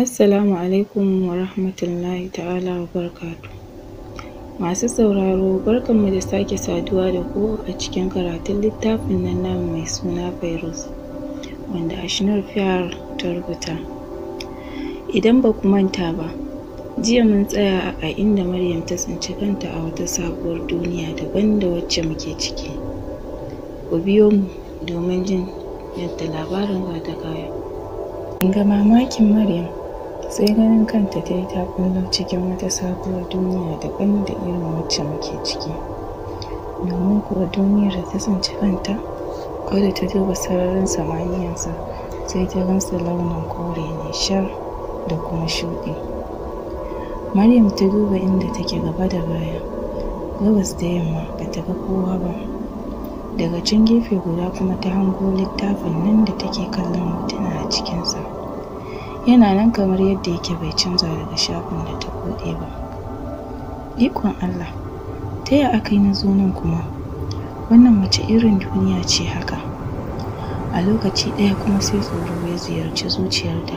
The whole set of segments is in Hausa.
Assalamu alaikum wa rahmatullahi ta'ala wa barakatuhu. Masu sauraro barkanmu da sake saduwa da ku a cikin karatun littafin nan namu mai suna Fairuz wanda Ashinar Fiyar ta rubuta. Idan ba ku manta ba, jiya mun tsaya a inda Maryam ta tsinci kanta a wata sabuwar duniya daban da wacce muke ciki. Ku biyo mu domin jin yadda labarin za ta kaya. Ga mamakin Maryam sai ganin kanta ta yi ta cikin wata sabuwar duniya da daban da irin wacce muke ciki domin kuwa duniyar da ta tsinci kanta ko da ta duba sararin samaniyarsa sai ta gansa launin kore ne shar da kuma shuɗi maryam ta duba inda take gaba da baya gabas da yamma ba ta ga kowa ba daga can gefe guda kuma ta hango littafin nan da take kallon hotuna a cikinsa yana nan kamar yadda yake bai canza daga shafin da ta buɗe ba ikon Allah ta ya aka yi na zo nan kuma wannan mace irin duniya ce haka a lokaci ɗaya kuma sai tsoro ya ziyarci zuciyarta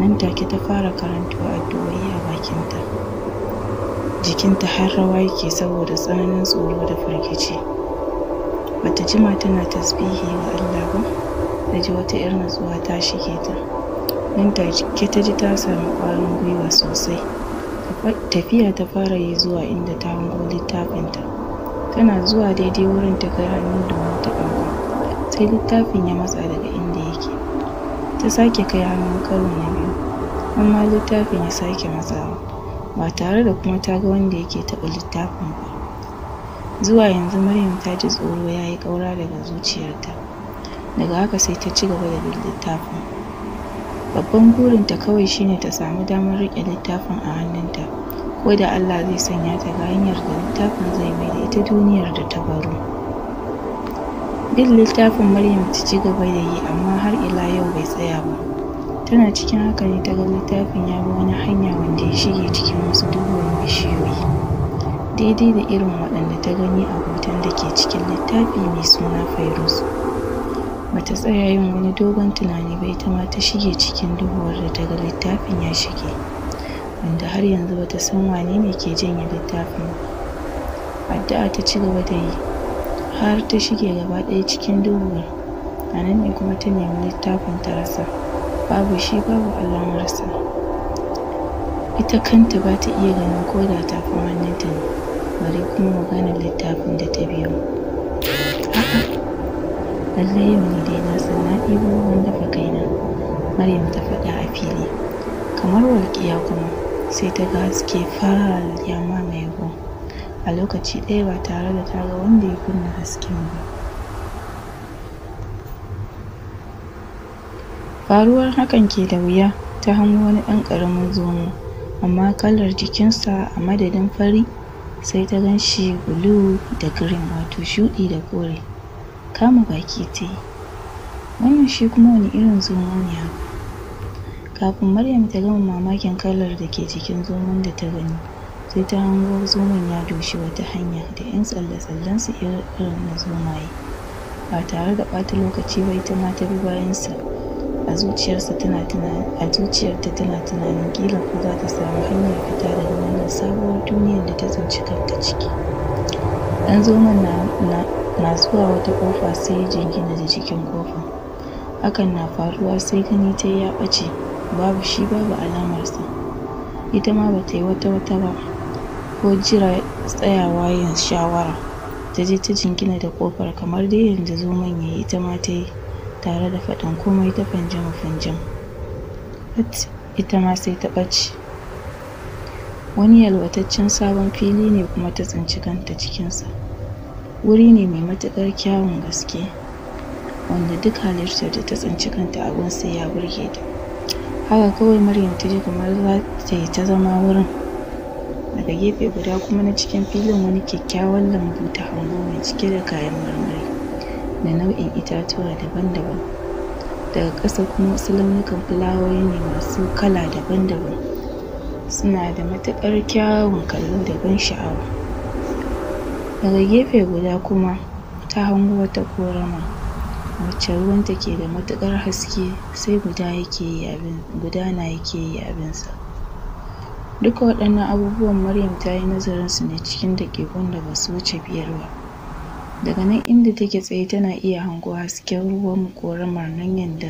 nan take ta fara karanto addu'o'i a bakinta jikinta har rawa yake saboda tsananin tsoro da firgici bata jima tana tasbihi wa Allah ba da ji wata 'yar natsuwa ta shige ta don take ta ji ta samu ƙwarin gwiwa sosai tafiya ta fara yi zuwa inda ta hango littafinta tana zuwa daidai wurin ta kai hannu domin ta ɗauka sai littafin ya matsa daga inda yake ta sake kai hannu karo na biyu amma littafin ya sake matsawa ba tare da kuma ta ga wanda yake taɓa littafin ba zuwa yanzu maryam ta ji tsoro ya yi ƙaura daga zuciyarta daga haka sai ta ci gaba da bin littafin Babban burinta kawai shine ta samu damar riƙe littafin a hannunta, ko da Allah zai sanya ta ga hanyar da littafin zai mai da ita duniyar da ta baro. Bin littafin Maryam ta ci gaba da yi amma har ila yau bai tsaya ba. Tana cikin haka ne ta ga littafin ya bi wani hanya wanda ya shige cikin wasu duhuwar bishiyoyi. Daidai da irin waɗanda ta gani a hoton da ke cikin littafi mai suna Fairuz. Ba ta tsaya yin wani dogon tunani ba ita ma ta shige cikin duhuwar da daga littafin ya shige, wanda har yanzu ba ta san wane ne ke janye littafin Addu'a ta ci gaba da yi har ta shige gaba ɗaya cikin duhuwar, a nan ne kuma ta nemi littafin ta rasa, babu shi babu alamarsa. Ita kanta ba ta iya ganin ko da tafin hannunta ne, bari kuma maganar littafin da ta biyo. lallai yau ne dai na san na ɗibo ruwan dafa kaina maryam ta faɗa a fili kamar walƙiya kuma sai ta ga haske fara ya mamaye ruwan a lokaci ɗaya ba tare da ta ga wanda ya kunna hasken ba faruwar hakan ke da wuya ta hango wani ɗan ƙaramin zomo amma kalar jikinsa a madadin fari sai ta gan shi blue da green wato shuɗi da kore kama baki ta yi wannan shi kuma wani irin zomo ne haka kafin maryam ta gama mamakin kalar da ke jikin zomon da ta gani sai ta hango zomon ya doshi wata hanya da 'yan tsalle tsallen su irin na zomaye ba tare da ɓata lokaci ba ita ma ta bi bayansa a zuciyarsa tana a zuciyarta tana tunanin kila ko za ta samu hanyar fita daga wannan sabuwar duniyar da ta tsinci kanta ciki ɗan zomon na na zuwa wata ƙofa sai ya jingina da jikin ƙofar hakan na faruwa sai gani ta ya ɓace babu shi babu alamarsa ita ma ba ta yi wata wata ba ko jira tsayawa yin shawara ta je ta jingina da ƙofar kamar dai yadda zomon ya yi ita ma ta yi tare da faɗin komai ta fanjama fanjam ita ma sai ta ɓace wani yalwataccen sabon fili ne kuma ta tsinci kanta cikinsa wuri ne mai matuƙar kyawun gaske wanda duk halittar da ta tsinci kanta a gun sai ya burge ta haka kawai Maryam ta ji kamar za ta yi ta zama wurin daga gefe guda kuma na cikin filin wani kyakkyawan lambu ta hango mai cike da kayan marmari da nau'in itatuwa daban-daban daga ƙasa kuma wasu launukan fulawoyi ne masu kala daban-daban suna da matuƙar kyawun kallo da ban sha'awa daga gefe guda kuma ta hango wata korama wacce ruwanta ke da matuƙar haske sai guda yake gudana yake yi abinsa duka waɗannan abubuwan Maryam ta yi nazarinsu ne cikin daƙiƙun da ba su wuce biyar ba daga nan inda take tsaye tana iya hango hasken ruwan koramar nan yanda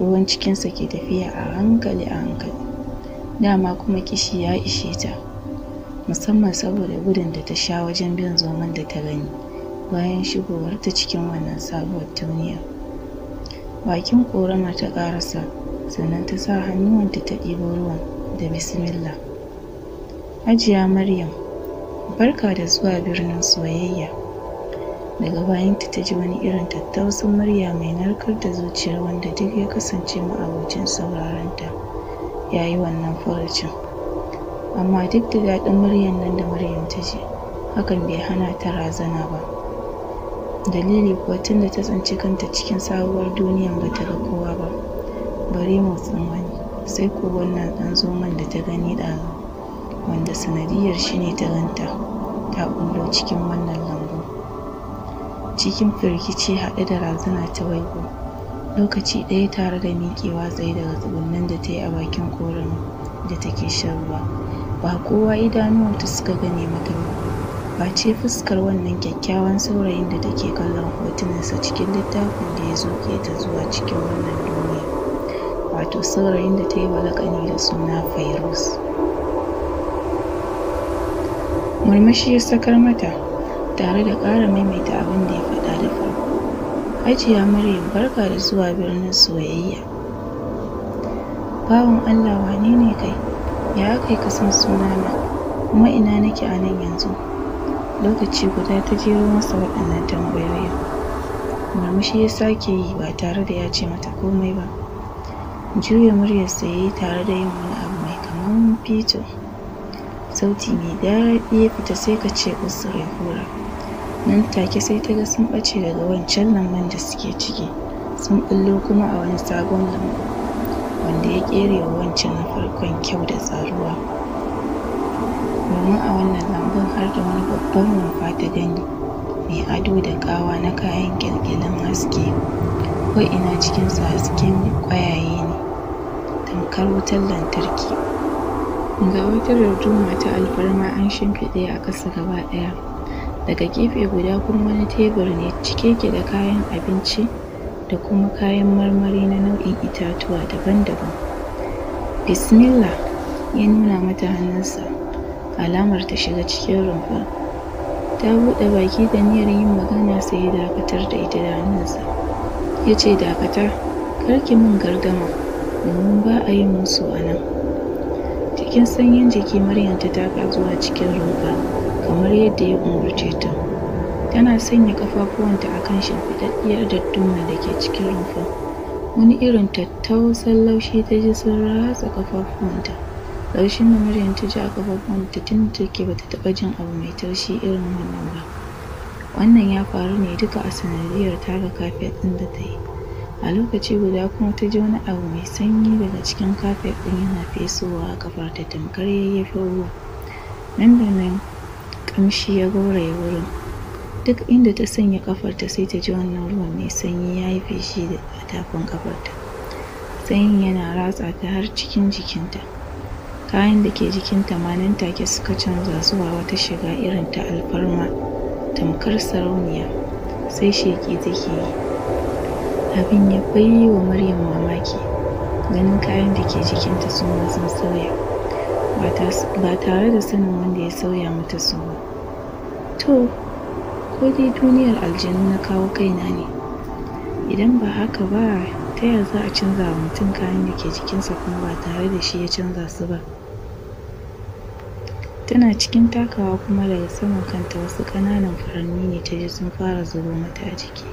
ruwan cikinsa ke tafiya a hankali a hankali dama kuma ƙishi ya ishe ta musamman saboda gudun da ta sha wajen bin zoman da ta gani bayan shigowar ta cikin wannan sabuwar duniya. Bakin korama ta ƙarasa sannan ta sa hannuwanta ta ɗibo ruwan da bismillah. Hajiya Maryam, barka da zuwa birnin soyayya. Daga bayanta ta ji wani irin tattausin murya mai narkar da zuciyar wanda duk ya kasance ma'abocin sauraronta ya yi wannan furucin. amma duk da daɗin muryar nan da Maryam ta ji hakan bai hana ta razana ba dalili kuwa da ta tsinci kanta cikin sabuwar duniyar ba ta ga kowa ba bare motsin wani sai ko wannan ɗan zoman da ta gani ɗazu wanda sanadiyar shi ne ta ganta ta ɓullo cikin wannan lambu cikin firgici haɗe da razana ta waigo lokaci ɗaya tare da miƙewa tsaye daga tsugunnan da ta yi a bakin koren da take shan ruwa ba kowa idanuwanta suka gane mata ba ce fuskar wannan kyakkyawan saurayin da take kallon hotunansa cikin littafin da ya zo ke ta zuwa cikin wannan duniya wato saurayin da ta yi walakani da suna fairuz murmushi ya sakar mata tare da ƙara maimaita abin da ya faɗa da farko hajiya maryam barka da zuwa birnin soyayya Bawon allah wane ne kai ya kai ka san sunana kuma ina nake a nan yanzu lokaci guda ta jero masa waɗannan tambayoyin murmushi ya sake yi ba tare da ya ce mata komai ba juya muryarsa ya yi tare da yin wani abu mai kaman fito sauti mai daɗi ya fita sai ka ce kusa ya hura nan take sai ta ga sun ɓace daga wancan lambun da suke ciki sun ɓullo kuma a wani sabon lambu wanda ya ƙere wa wancan na farkon kyau da tsaruwa domin a wannan lambun har da wani babban rumfa ta gani mai ado da kawa na kayan ƙyalƙyalin haske Ko ina cikin sa hasken ƙwayaye ne tamkar wutar lantarki ga wata darduma ta alfarma an shimfiɗe a ƙasa gaba ɗaya daga gefe guda kuma wani tebur ne cike yake da kayan abinci da kuma kayan marmari na nau'in itatuwa daban-daban bismillah ya nuna mata hannunsa alamar ta shiga cikin rumfa ta buɗe baki da niyyar yin magana sai ya dakatar da ita da hannunsa ya ce dakata kar ki min gardama domin ba a yin musu a nan cikin sanyin jiki maryam ta taka zuwa cikin rumfa kamar yadda ya umarce ta tana sanya kafafuwanta a kan shimfiɗaɗɗiyar dadduma da ke cikin rumfa. wani irin tattausan laushi ta ji sun ratsa ƙafafuwanta laushin da Maryam ta ji a ƙafafuwanta tun da take bata taɓa jin abu mai taushi irin wannan ba wannan ya faru ne duka a sanadiyar tara kafet ɗin da ta yi a lokaci guda kuma ta ji wani abu mai sanyi daga cikin kafet ɗin yana fesowa a ƙafarta tamkar yayyafin ruwa nan da nan ƙamshi ya gauraye wurin duk inda ta sanya kafarta sai ta ji wannan ruwan mai sanyi ya yi feshi a tafin kafarta sanyin yana ratsa ta har cikin jikinta kayan da ke jikinta ma nan take suka canza zuwa wata shiga irin ta alfarma tamkar sarauniya sai sheki take yi abin ya bai wa maryam mamaki ganin kayan da ke jikinta sun ma sun sauya ba tare da sanin wanda ya sauya mata su ba to ko dai duniyar aljanu na kawo kaina ne idan ba haka ba ta yaya za a canza wa mutum kayan da ke jikinsa kuma ba tare da shi ya canza su ba tana cikin takawa kuma daga saman kanta wasu ƙananan furanni ne ta ji sun fara zubo mata a jiki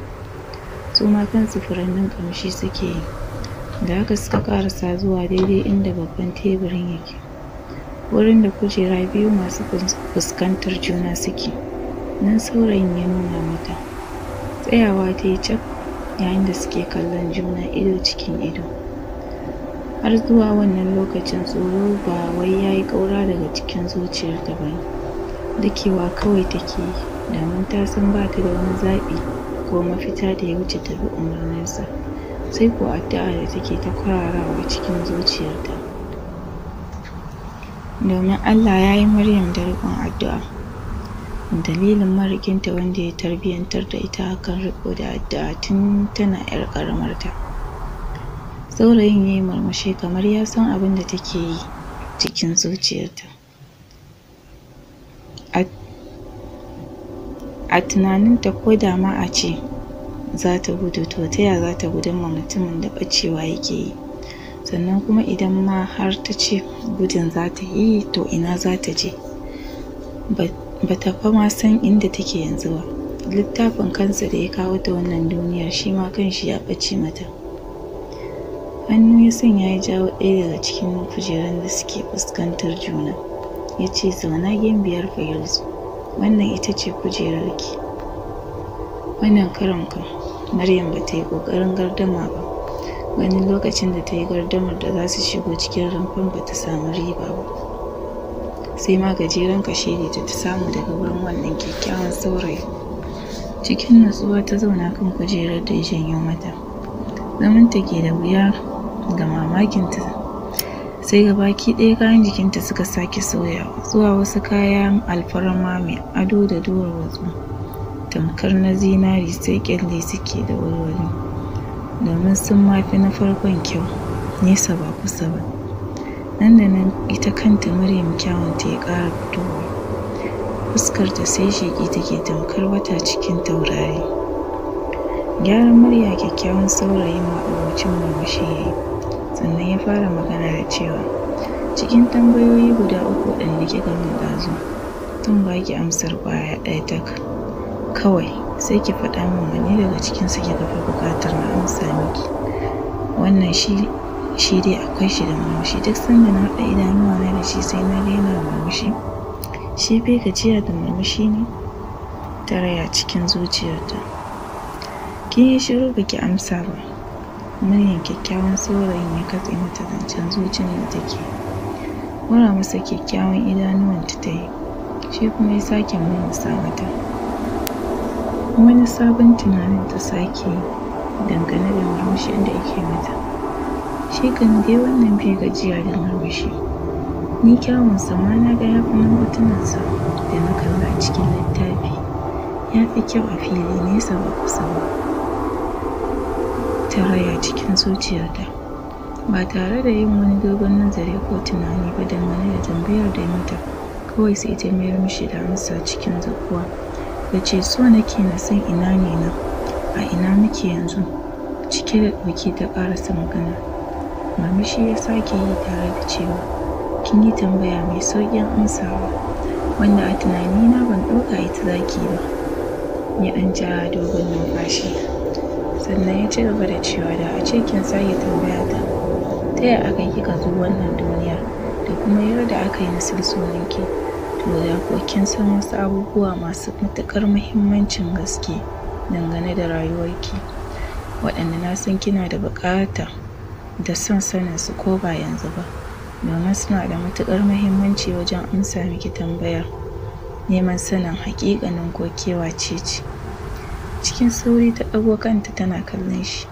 su ma kansu furannin ƙamshi suke yi da haka suka ƙarasa zuwa daidai inda babban teburin yake wurin da kujera biyu masu fuskantar juna suke nan saurayin ya nuna mata tsayawa ta yi cak yayin da suke kallon juna ido cikin ido har zuwa wannan lokacin tsoro ba wai ya yi ƙaura daga cikin zuciyarta ba dakewa kawai take yi domin ta san ba ta da wani zaɓi ko mafita da ya wuce ta bi umarninsa sai ko addu'a da take ta kwararawa cikin zuciyarta domin Allah ya yi Maryam da riƙon addu'a dalilin marikinta wanda ya tarbiyyantar da ita akan riƙo da addu'a tun tana ƴar ƙaramarta saurayin yayi murmushi kamar ya san abin da take yi cikin zuciyarta a tunaninta ko da ma a ce za ta gudu to ta ya za ta gudun ma mutumin da ɓacewa yake yi sannan kuma idan ma har ta ce gudun za ta yi to ina za ta je ba ta fa ma san inda take yanzu ba littafin kansa da ya kawo ta wannan duniyar shi ma kanshi ya ɓace mata hannu ya san ya jawo ɗaya daga cikin kujerun da suke fuskantar juna ya ce zauna biyar fayilzu wannan ita ce kujerarki wannan karon kan maryam ba ta yi ƙoƙarin gardama ba wani lokacin da ta yi gardamar da za su shigo cikin rumfan ba ta samu riba ba sai ma gajeren kashedi ta samu daga wurin wannan kyakkyawan saurayi cikin nutsuwa ta zauna kan kujerar da ya janyo mata zamanta ke da wuya ga mamakinta sai ga baki ɗaya kayan jikinta suka sake sauya. zuwa wasu kayan alfarma mai ado da dora wasu tamkar na zinari sai kyalle suke da warware domin sun mafi na farkon kyau nesa ba kusa ba nan da nan ita kanta maryam kyawun ta ya ƙara fitowa Fuskar ta sai sheƙi take tamkar wata cikin taurari gyaran murya kyakkyawan saurayi saurayin ma'abocin murmushi ya yi sannan ya fara magana da cewa cikin tambayoyi guda uku waɗanda kika min ɗazu zan ba ki amsar ƙwaya ɗaya tak kawai sai ki faɗa min wanne daga cikinsu kika fi buƙatar na amsa miki wannan shi shi dai akwai shi da murmushi duk sanda na haɗa idanuwa na da shi sai na daina murmushi shi bai gajiya da murmushi ne ta raya cikin zuciyarta kin yi shiru ki amsa ba muryan kyakkyawan saurayin ya katse mata zancen zuciyar da take mura masa kyakkyawan idanuwanta ta yi shi kuma ya sake murmusa mata wani sabon tunanin ta sake dangane da murmushin da yake mata shi kam dai wannan bai gajiya da murmushi ni kyawunsa ma na ga ya hotunansa da na kalla a cikin littafi ya fi kyau a fili nesa ba kusa ba ta raya cikin zuciyarta ba tare da yin wani dogon nazari ko tunani ba da mana da tambayar da mata kawai sai ta mayar mishi da amsa cikin zakuwa da ce so nake na san ina ne na a ina muke yanzu cike da ɗauki ta ƙarasa magana shi ya sake yi tare da cewa, kin yi tambaya mai sauƙin amsawa, wanda a tunani na ban ɗauka ita za ba. Ya ɗan ja dogon numfashi. Sannan ya ci gaba da cewa da a ce kin sake tambaya ta, ta ya aka kika zo wannan duniya da kuma yadda aka yi na ki to da kuwa kin san wasu abubuwa masu matuƙar muhimmancin gaske dangane da rayuwarki. waɗanda na san kina da buƙata da son sanin su ko ba yanzu ba domin suna da matuƙar muhimmanci wajen amsa miki tambayar neman sanin haƙiƙanin ko kewa ce ce cikin sauri ta ɗago kanta tana kallon shi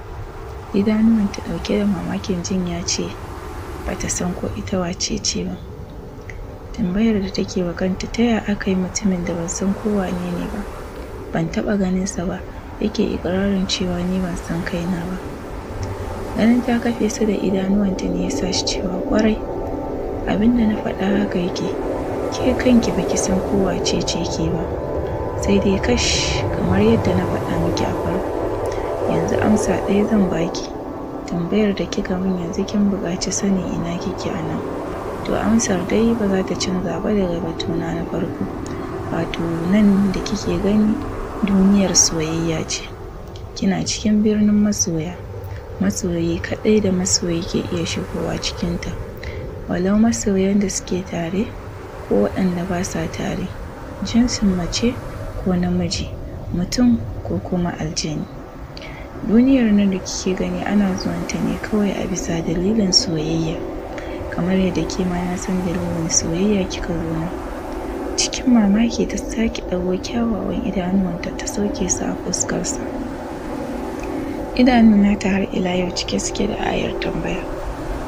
idanuwanta ɗauke da mamakin jin ya ce ba ta san ko ita wace ce ba tambayar da take wa kanta ta ya aka yi mutumin da ban san ko wane ne ba ban taɓa ganinsa ba yake ikirarin cewa ni ban san kaina ba ganin ta kafe su da idanuwanta ne ya sa shi cewa kwarai abin da na faɗa haka yake ke kanki baki san ko wace ce ke ba sai dai kash kamar yadda na faɗa miki a farko yanzu amsa ɗaya zan baki tambayar da kika min yanzu kin buƙaci sani ina kike a nan to amsar dai ba za ta canza ba daga batuna na farko wato nan da kike gani duniyar soyayya ce kina cikin birnin masoya masoyi kaɗai da masoyi ke iya shigowa cikinta walau masoyan da suke tare ko waɗanda ba sa tare jinsin mace ko namiji mutum ko kuma aljani duniyar nan da kike gani ana zuwanta ne kawai a bisa dalilin soyayya kamar yadda ke ma na san dalilin soyayya kika zo nan cikin mamaki ta sake ɗago kyawawan idanuwanta ta sauke su a fuskarsa idanuna ta har ila yau cike suke da ayar tambaya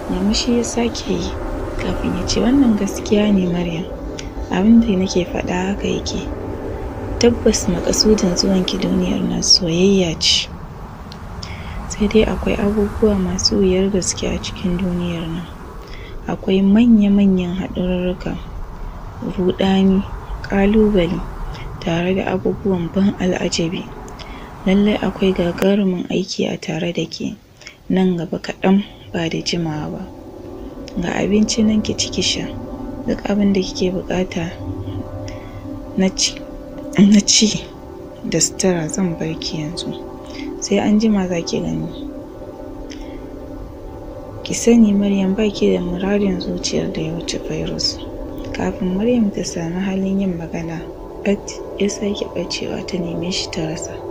murmushi ya sake yi kafin ya ce wannan gaskiya ne maryam abin da nake faɗa haka yake tabbas makasudin ki duniyar na soyayya ce sai dai akwai abubuwa masu wuyar gaske a cikin duniyar nan akwai manya-manyan haɗarurruka ruɗani ƙalubale tare da abubuwan ban al'ajabi lallai akwai gagarumin aiki a tare da ke nan gaba kaɗan ba da jimawa ba ga abinci nan ki ci sha duk abin da kike buƙata na ci da sutura zan bar ki yanzu sai an jima za ki gani ki sani maryam ba ki da muradin zuciyar da ya wuce virus kafin maryam ta sami halin yin magana ya sake ɓacewa ta neme shi ta rasa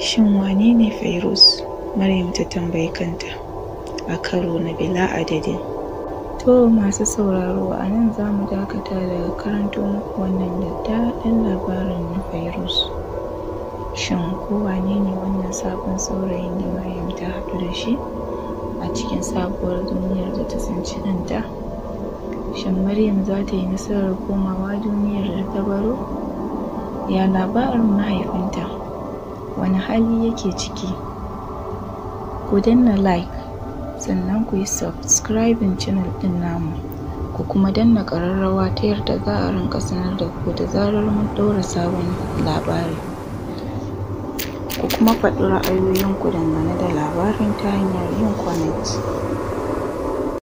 shin wane ne Fairuz? Maryam ta tambayi kanta a karo na bila adadin. To masu sauraro a nan za mu dakata daga karanto muku wannan daddaɗin labarin na Fairuz. Shin ko wane ne wannan sabon saurayin da Maryam ta haɗu da shi a cikin sabuwar duniyar da ta tsinci kanta? Shin Maryam za ta yi nasarar komawa duniyar da ta baro? Ya labarin mahaifinta? wani hali yake ciki ku danna like sannan ku yi subscribing channel din namu ku kuma danna ƙararrawa ta yarda za a rinƙa sanar da ku da zarar mun ɗaura sabon labari ku kuma faɗi ra'ayoyinku dangane da labarin ta hanyar yin comment